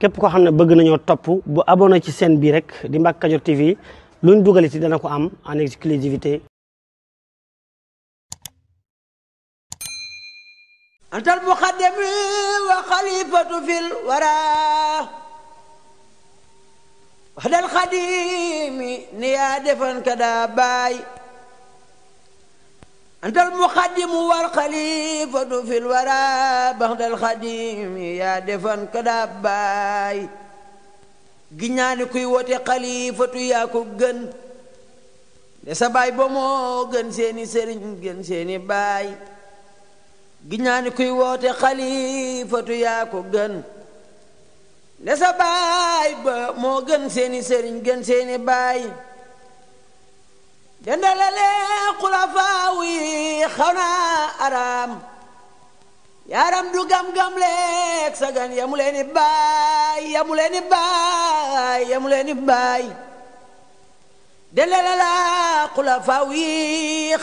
képp koo xam ne bëgg nañoo topp bu abonné ci seen bii rek di Mbacke Kadior TV luñ dugal ci dana ko am en exclusivité antal muqaddimi wa xalifatu fil wara waxdal xadimi ni defan kada baay أنت المقدم والخليفة في الورى بعد الخديم يا دفن كداباي giñaani kuy woote xalifatu yaa ko gën de sa baay ba moo gën seeni sëriñ gën seeni baay giñaani kuy woote xalifatu yaa ko gën de baay ba moo gën seeni sëriñ gën seeni baay dendalale xulafaa yi xaw naa araam yaaram du gam-gam leeg sagan yamu leen i baay yamu leen i baay yamu leen i baay delele la xulafaa yi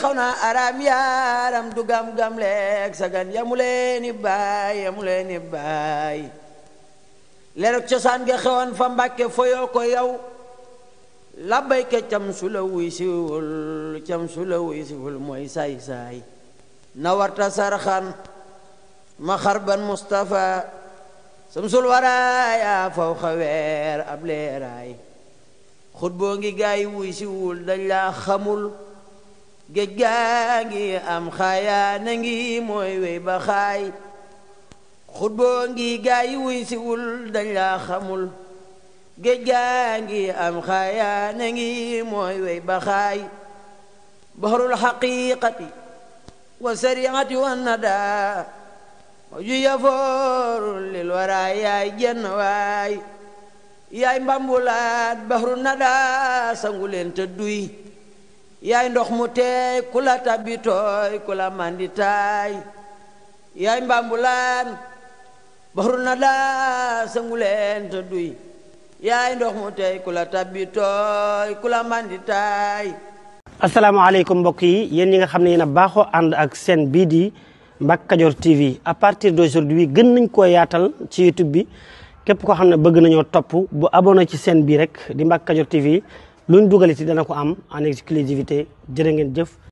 xaw naa araam du gam-gam leeg sagan yamu leen i baay yamu leen i baay leroog cosaan nga xewoon fa mbàkke foyoo labbayka camsu la wuy siwul camsu la wuy siwul mooy saay-saay nawarta sarxan ma xarban mustafa samsul waraaya faw xaweer ab leeraay xutboo ngi gaay wuy siwul dañ laa xamul géej gaa ngi am xaayaana ngi mooy wey ba xaay xutboo ngi gaay wuy siwul dañ laa xamul géej gaa ngi am xaayaana ngi mooy wey ba xaay bahrul wa sariati wa nada wa ju yafooru lil wara yaay jenn waay yaay mbambulaat bahru nada sangu leen te duy yaay ndox mu teey ku la tabitooy ku la manditaay yaay mbambulaan bahru nada sangu leen te duy yaay ndox mu tey ku la tabbi ku la mandi taay. asalaamaaleykum mbokk yi yéen ñi nga xam ne yéen a baaxoo ànd ak seen bii di Mbacke Kadior TV à partir d'aujourd'hui gën nañ ko yaatal ci YouTube bi képp koo xam ne bëgg nañoo topp bu abonné ci seen bii rek di Mbacke Kadior TV luñ dugal ci dana ko am en exclusivité jërë ngeen jëf.